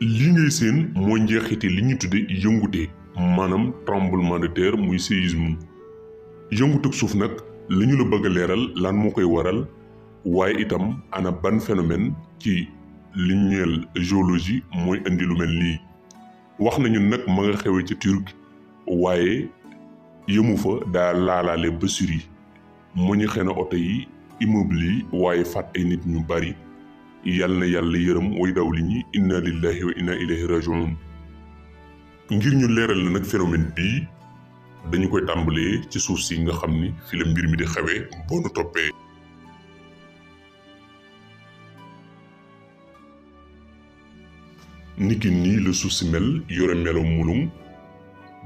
li ngay seen mooy njeexite li ñu tudde yëngute maanaam tremblement de terre muy séisme yëngutug suuf nag la ñu la bëgg leeral lan moo koy waral waaye itam ana ban phénomène ci li ñeel géologie mooy indi lu mel nii wax nañu nag ma nga xewee ci Turquie waaye yëmu fa daa laalaale ba Syrie mu xëy na oto yi immeuble yi waaye faat ay nit ñu bari yàlla na yàlla yërëm way daw li ñi ñu leeral la nag phénomène bii dañu koy tàmbalee ci suuf si nga xam ni fi la mbir di xewee boo nu toppee niki nii la suuf si mel yore melo mulum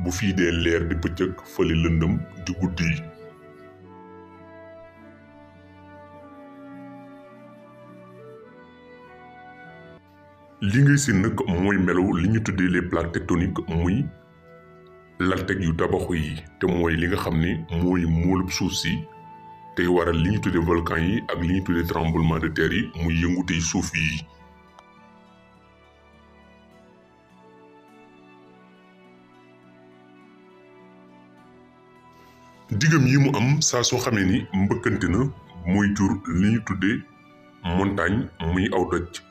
bu fii dee leer di bëccëg fële lëndëm di guddi li ngay seen nag mooy melaw li ñu tuddee les plaques tectoniques muy lalteg yu tabaxu yi te mooy li nga xam ne mooy moolub suuf si tey waral li ñu tuddee volcan yi ak li ñu tuddee tremblement de terre yi muy yëngutey suuf yi. diggam yi mu am saa soo xamee ni mbëkkante na mooy jur li ñu tuddee montagne muy aw doj.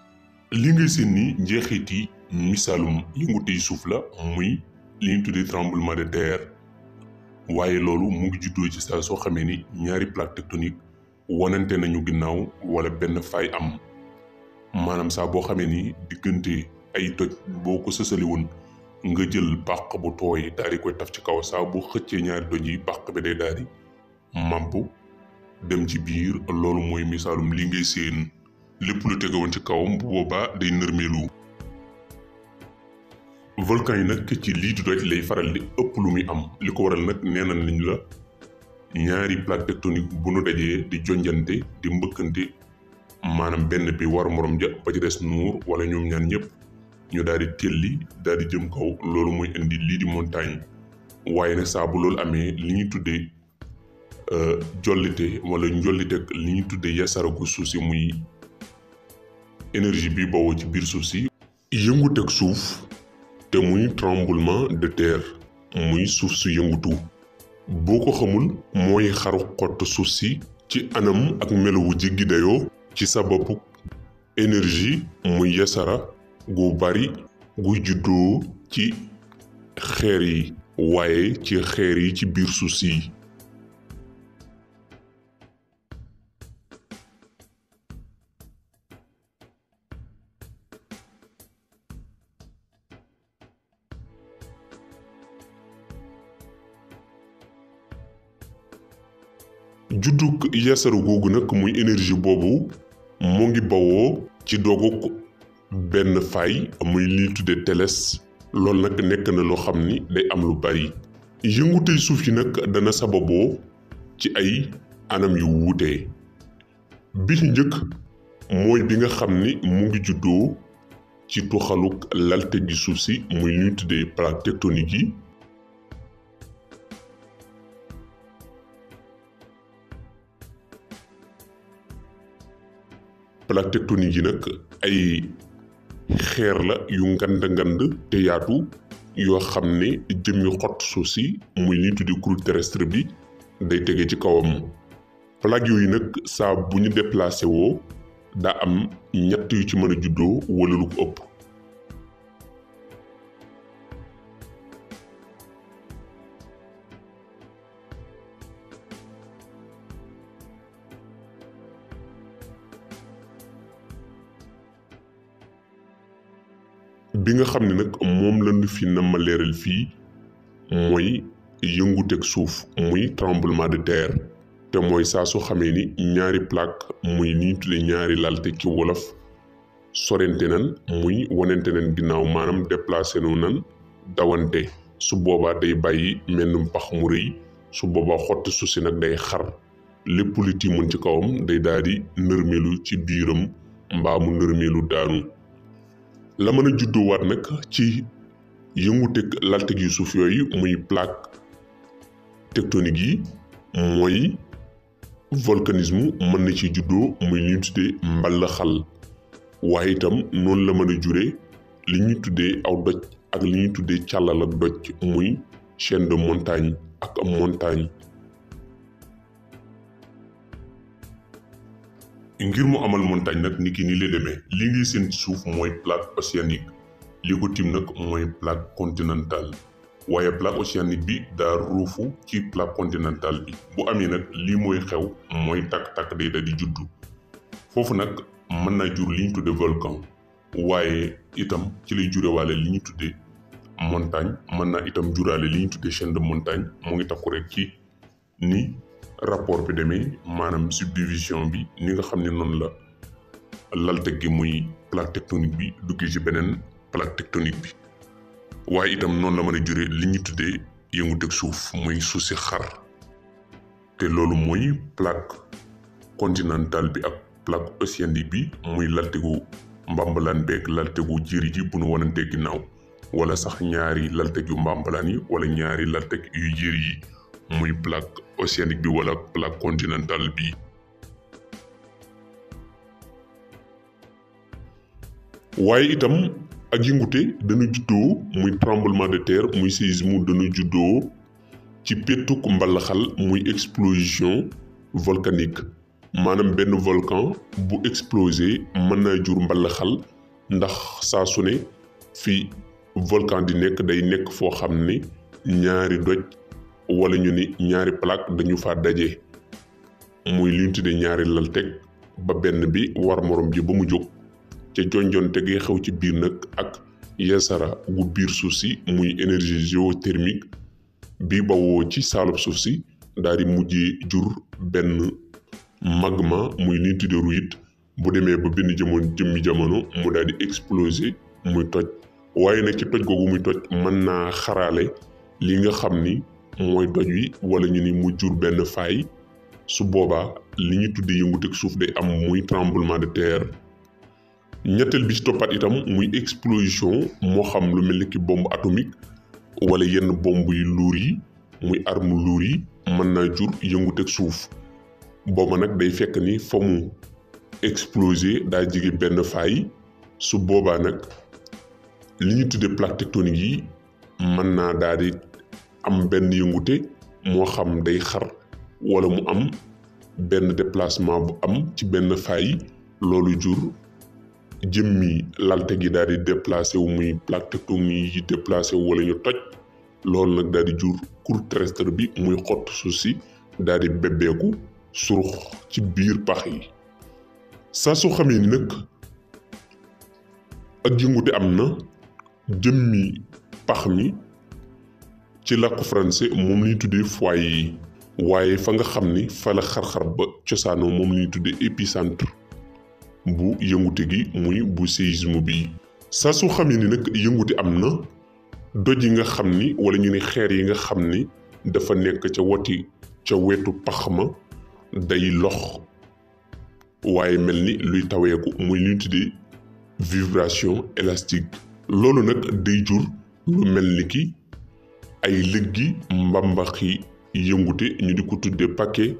li ngay seen ni njeexit yi misaalum yëngute yi suuf la muy li ñu tuddee tremblement de terre waaye loolu mu ngi juddoo ci saa soo xamee ni ñaari plaque tectonique wonante nañu ginnaaw wala benn fay am maanaam saa boo xamee ni diggante ay toj boo ko sësali woon nga jël bàq bu tooy daal di koy taf ci kaw saa boo xëccee ñaari toj yi bàq bi day daal di mampu dem ci biir loolu mooy misaalum li ngay seen lépp lu tegewoon ci kawam bu boobaa day nërmeelu. volcan yi nag ci lii du doj lay faral di ëpp lu muy am li ko waral nag nee nañ la ñaari plaque tectonique bu nu dajee di jonjante di mbëkkante maanaam benn bi war morom ja ba ci des nuur wala ñoom ñaan ñëpp ñu daal di telli di jëm kaw loolu mooy indi lii di montagne waaye ne saabu loolu amee li ñu tuddee euh, jollite wala njolliteg li ñu tuddee yasaragu suuf muy. énergie bi bawoo ci biir suuf si yëngut suuf te muy tremblement de terre muy suuf su yëngutu boo ko xamul mooy xaru xott suuf si ci anam ak melowu jéggi dayoo ci sababu énergie mu yasara gu bari gu juddoo ci xeer yi waaye ci xeer yi ci biir suuf si juddug yeesaru googu nag muy énergie boobu mu ngi bawoo ci dooguk benn fay muy lii tuddee teles loolu nag nekk na loo xam ni day am lu bari yëngutey suuf yi nag dana sababoo ci ay anam yu wuute bi ci njëkk mooy bi nga xam ni mu ngi juddoo ci tuxaluk lalte gi suuf si muy li ñu tuddee plaque tectonique yi plaque tectonique yi nag ay xeer la yu ngand ngand te yaatu yoo xam ne jëmmi xott suuf si muy li ñu tuddee croûte terrestre bi day tege ci kawam plaque yooyu nag saa bu ñu déplacé woo daa am ñett yu ci mën a juddoo wala ko ëpp li nga xam ni nag moom lañu fi na ma fii mooy yënguteeg suuf muy tremblement de terre te mooy saa su xamee ni ñaari plaque muy ni ñaari lalte ci wolof sorente nan muy wanente nan ginnaaw maanaam déplacé nu nan dawante su boobaa day bàyyi mennum pax mu rëy su boobaa xotti suuf nag day xar lépp lu tiimoon ci kawam day daal di ci biiram mbaa mu nërmeelu daanu la mën a juddoowaat nag ci yënguteg lalteg yu suuf yooyu muy plaque tectonique yi mooy volcanisme mën na ci juddoo muy li ñu tuddee mballa xal waaye itam noonu la mën a li ñuy tuddee aw doj ak li ñuy tuddee càllal ak doj muy chaîne de montagne ak am montagne ngir mu amal montagne nag ni ki ni lay demee li ngi seen suuf mooy plaque océanique li ko tim nag mooy plaque continentale waaye plaque océanique bi daa ruufu ci plaque continentale bi bu amee nag lii mooy xew mooy tàkk-tàkk day da di juddu foofu nag mën naa jur li ñu tudde volcan waaye itam ci lay jurewaale li ñu tudde montagne mën naa itam juraale li ñu tudde chaîne de montagne mu ngi takku rek ci ni rapport bi demee maanaam subdivision bi ni nga xam ne noonu la lalte gi muy plaque tectonique bi dugg ci beneen plaque tectonique bi waaye itam noonu la mën a juree li ñu tuddee yëngu suuf muy suuf si xar te loolu mooy plaque continentale bi ak plaque océanique bi muy laltegu mbambalaan beeg laltegu jéeri ji bu nu wanantee ginnaaw wala sax ñaari lalteg yu mbambalaan yi wala ñaari lalteg yu jéeri yi muy plaque océanique bi bi waaye itam ak yëngute dana juddoo muy tremblement de terre muy séisme dana juddoo ci pétuk mbalaxal muy explosion volcanique maanaam benn volcan bu explosé mën naa jur ndax saa su ne fi volcan di nekk day nekk foo xam ne ñaari doj wala ñu ni ñaari plaque dañu fa daje muy li tuddee ñaari lal ba benn bi war morom ji ba mu jóg ca jonjon teg yi xew ci biir nag ak yeesara gu biir suuf si muy énergie géothermique bi bawoo ci saalub suuf si dal di mujjee jur benn magma muy li ñu tuddee ruite bu demee ba benn jamono jëmmi jamono mu daal di exploser muy toj waaye nag ci toj googu muy toj mën naa xarale li nga xam ni mooy doj wi wala ñu ni mu jur benn faay su boobaa li ñu tuddee yëngu suuf day am muy tremblement de terre ñetteel bi ci toppaat itam muy explosion moo xam lu mel ni ki bombe atomique wala yenn bombe yu luur yi muy arme luur yi mën naa jur yëngu suuf booba nag day fekk ni fa mu exploser daa jege benn faay su boobaa nag li ñu tuddee plaque tectonique yi mën naa daal di am ben yëngute hmm. moo xam day xar wala mu am benn déplacement bu am ci benn fay loolu jur jëmmi lalte gi daal di déplacé wu muy plaque mi yi déplacé wu wala ñu toj loolu nag daal di jur cour terrestre bi muy xott suuf si daal di bébbeeku surux ci biir pax yi saa su xamee ni nag ak yëngute am jëmmi pax mi ci làkku français moom la ñu tuddee foyer yi waaye fa nga xam ni fa la xar ba cosaanoo moom la ñu tuddee épicentre bu yëngute gi muy bu séisme bi. saa su xamee ni nag yëngute am na doj yi nga xam ni wala ñu ni xeer yi nga xam ni dafa nekk ca woti ca wetu pax ma day lox waaye mel ni luy taweeku muy li ñu tuddee vibration élastique loolu nag day jur lu mel ni ki. ay lëggi mbambaxi yëngute ñu di ko tudde paquet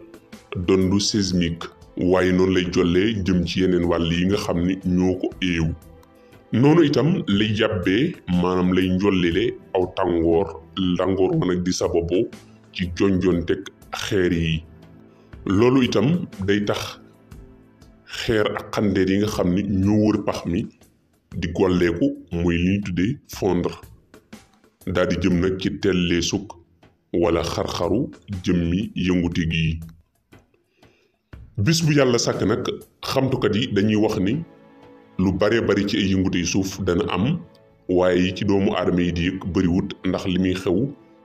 dondu sismique waaye noonu lay jollee jëm ci yeneen wàll yi nga xam ni ñoo ko éew noonu itam lay yàbbee maanaam lay njollile aw tàngoor tàngoor wa nag di sababu ci jonjonteg xeer yi loolu itam day tax xeer ak xandeer yi nga xam ni ñoo wër pax mi di golleeku muy li ñu tuddee fondre daal di jëm nag ci tellee suk wala xar-xaru mi yënguti gi bis bu yàlla sàkk nag xamtukat yi dañuy wax ni lu bare bari ci ay suuf dana am waaye yi ci doomu armée yi di yëg bariwut ndax li muy xew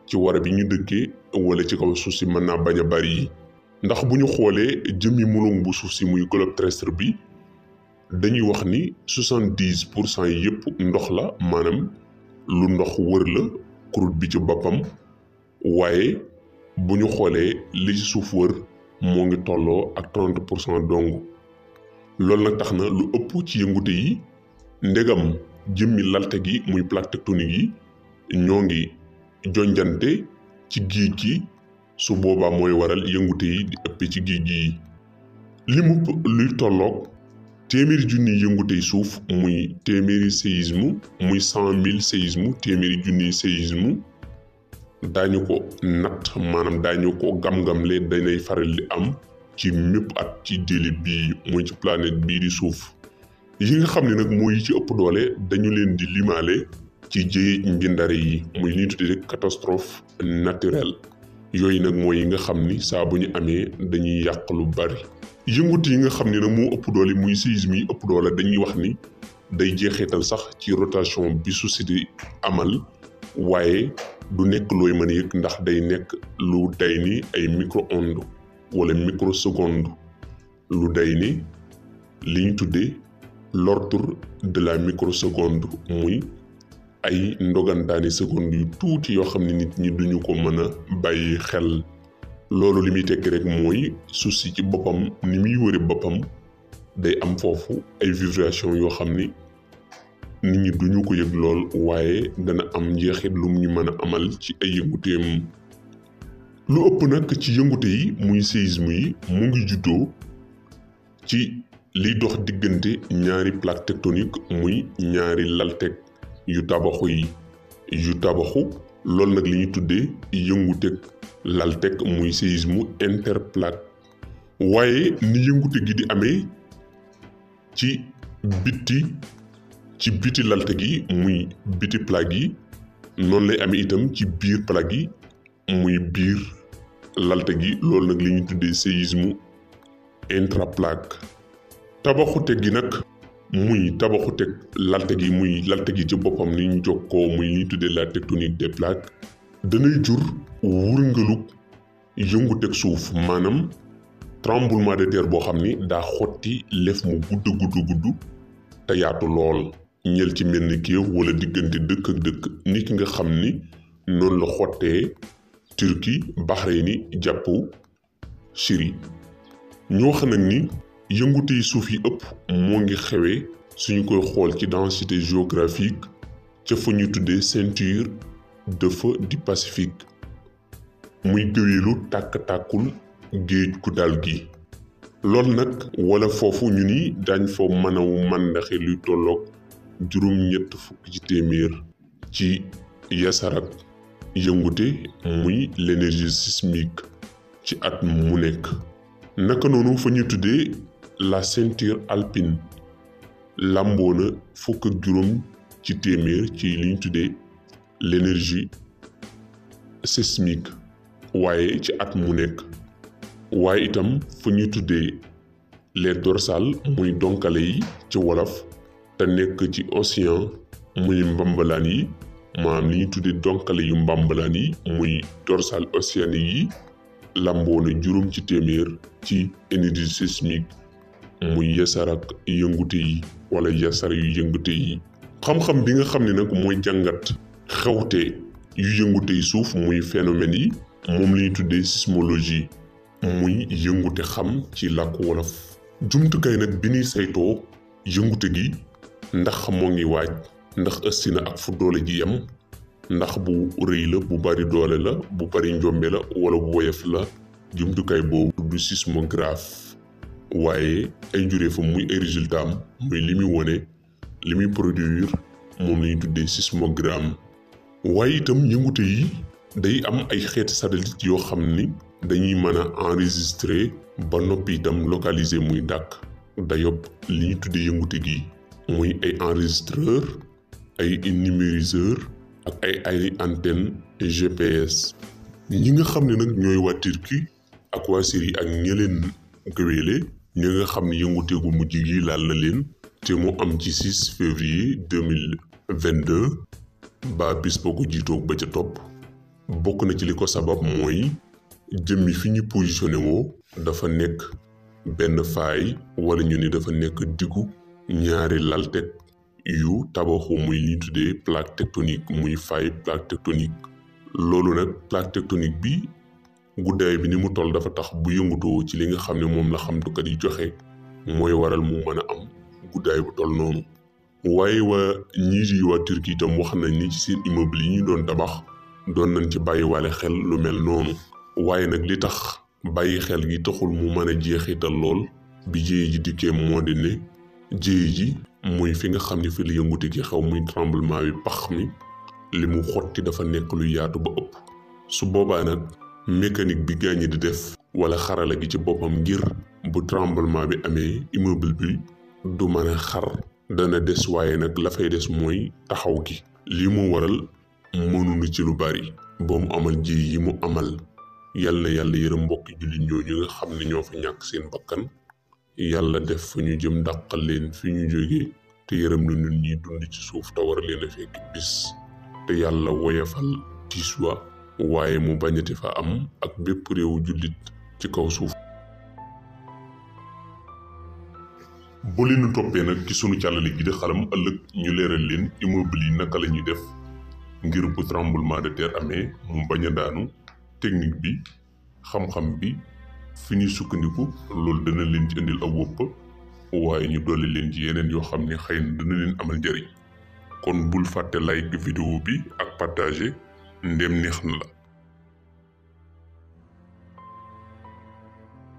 ci wara bi ñu dëkkee wala ci kaw suuf si mën naa bari yi ndax bu ñu xoolee jëmmi mulung bu suuf si muy globe terrestre bi dañuy wax ni 70 yépp ndox la maanaam lu ndox wër la kurut bi ci boppam waaye bu ñu xoolee li ci suuf wër moo ngi tolloo ak 30 pour cent dong loolu nag tax na lu ëpp ci yëngute yi ndegam jëmmi lalte gi muy plaque tectonique yi ñoo ngi jonjante ci géej gi su boobaa mooy waral yëngute yi di ëpp ci géej gi yi limu luy tolloog téeméeri junniy yëngutey suuf muy téeméeri séisme muy cent mille séisme téeméeri junni séisme daañu ko natt maanaam daañu ko gam-gam lee danay faral di am ci mépp at ci déli bii muy ci planète bii di suuf yi nga xam ni nag mooy ci ëpp doole dañu leen di limale ci jéej mbindare yi muy li ñu tuddee catastrophe naturelle yooyu nag mooy yi nga xam ni saa bu ñu amee dañuy yàq lu bari yëngut yi nga xam ni nag moo ëpp doole muy séisme yi ëpp doole dañuy wax ni day jeexee jeexital sax ci rotation bi suuf si amal waaye du nekk looy mën a yëg ndax day nekk lu day ni ay micro-onde wala microseconde lu day ni li ñu tuddee l'ordre de la microseconde muy ay ndogantaani seconde yu tuuti yoo xam ne nit ñi duñu ko mën a bàyyi xel loolu li muy tekki rek mooy suuf si ci boppam ni muy wëri boppam day am foofu ay vibration yoo xam ni nit ñi duñu ko yëg lool waaye dana am njeexit lu ñu mën a amal ci ay yënguteem lu ëpp nag ci yëngute yi muy séisme yi mu ngi juddoo ci liy dox diggante ñaari plaque tectonique muy ñaari lalteg yu tabaxu yi yu tabaxu loolu nag li ñuy tuddee yënguteg lalteg muy séisme interplate waaye ni yëngute gi di amee ci bitti ci biti lalte gi muy biti plaque yi noonu lay amee itam ci biir plaque yi muy biir lalte gi loolu nag li ñuy tuddee séisme intraplaque tabaxute gi nag muy tabaxu teg lalte gi muy lalte gi ci boppam ni ñu jox ko muy li tuddee la tectonique des plaques danay jur wurngalug yëngu teg suuf maanaam tremblement de terre boo xam ni daa xotti lef mu gudd gudd gudd te yaatu lool ñel ci mel ni Kiev wala diggante dëkk ak dëkk ni ki nga xam ni noonu la xottee Turquie Bahreïn jàpp Syrie ñoo xam nag ni yëngute suuf yi ëpp mu ngi xewee suñu koy xool ci densité géographique ca fa ñu tuddee ceinture de feu Pacifique muy gëweelu tàkk-tàkkul géej gu dal gi lool nag wala foofu ñu ni dañ fa mën a màndaxe luy tolloog juróom ñett ci téeméer ci yëngute muy l'énergie sismique ci at mu nekk naka noonu fa ñu tuddee la ceinture alpine làmboona fukk juróom ci téeméer ci li ñu tuddee l'énergie sismique waaye ci at mu nekk waaye itam fu ñuy tuddee les dorsales muy donkale yi ci wolof te nekk ci océan muy mbambalaan yi maanaam li ñu tuddee donkale yu mbambalaan yi muy dorsale océanique yi làmboona juróom ci téeméer ci énergie sismique muy yasar ak yëngute yi wala yasar yu yëngute yi xam-xam bi nga xam ni nag mooy jàngat xewte yu yëngute yi suuf muy phénomènes yi moom la ñuy tuddee sismologie muy yëngute xam ci làkku wolof jumtukaay nag bi ñuy saytoo yëngute gi ndax moo ngi waaj ndax ësti na ak fu doole ji yem ndax bu rëy la bu bari doole la bu bari njombe la wala bu woyof la jumtukaay boobu du sismographe waaye ay njureefam muy ay résultat am muy li muy wone li muy produire moom la ñuy tuddee sismogramme waaye itam yëngute yi day am ay xeeti satellite yoo xam ni dañuy mën a enregistrer ba noppi itam localiser muy dàkk dayob li ñu tuddee yëngute gi muy ay enregistreur ay numériseur ak ay ay antenne GPS ñi nga xam ni nag ñooy waa Turquie ak waa Syrie ak ñeleen gëweele ñu nga xam ne yënguteegu mujj gi laal na leen te mu am ci 6 février 2022 ba bis boo jiitoog ba ca topp bokk na ci li ko sabab mooy jëmmi fi ñu positionné woo dafa nekk benn faay wala ñu ni dafa nekk diggu ñaari lalteg yu tabaxu muy li tuddee plaque tectonique muy faay plaque tectonique loolu nag plaque tectonique bi guddaay bi ni mu toll dafa tax bu yëngutoo ci li nga xam ne moom la xamtukat yi joxe mooy waral mu mën a am guddaay bu toll noonu waaye waa ñii di waa Turquie itam wax nañ ni ci seen immeuble yi ñu doon tabax doon nañ ci bàyyiwaale xel lu mel noonu waaye nag li tax bàyyi xel gi taxul mu mën a jeexital lool bi jéye ji dikkee moo di ne jéye ji muy fi nga xam ne fi la yëngute gi xew muy tremblement bi pax mi li mu xotti dafa nekk lu yaatu ba ëpp su boobaa mécanique bi gaañi di def wala xarala gi ci boppam ngir bu tremblement bi amee immeuble bi du mën a xar dana des waaye nag la fay des mooy taxaw gi li mu waral mënuñu ci lu bari boo mu amal ji yi mu amal yal na yàlla yërëm mbokki jullit ñooñu nga xam ne ñoo fa ñàkk seen bakkan yàlla def fu ñu jëm dàqal leen fi ñu jógee te yërëm na ñun ñi dund ci suuf te war leen a fekk bis te yàlla woyafal tiis wa waaye mu bañati fa am ak bépp réewu jullit ci kaw suuf bu leenu toppee nag ci sunu càllale gi di xalam ëllëg ñu leeral leen immeuble yi naka la ñuy def ngir bu tremblement de terre amee mu bañ a daanu technique bi xam-xam bi fi ñuy sukkandiku loolu dana leen ci indil ab wëpp waaye ñu dolli leen ci yeneen yoo xam ne xëy na dana leen amal njëriñ kon bul fàtte like vidéo bi ak partager ndem neex na la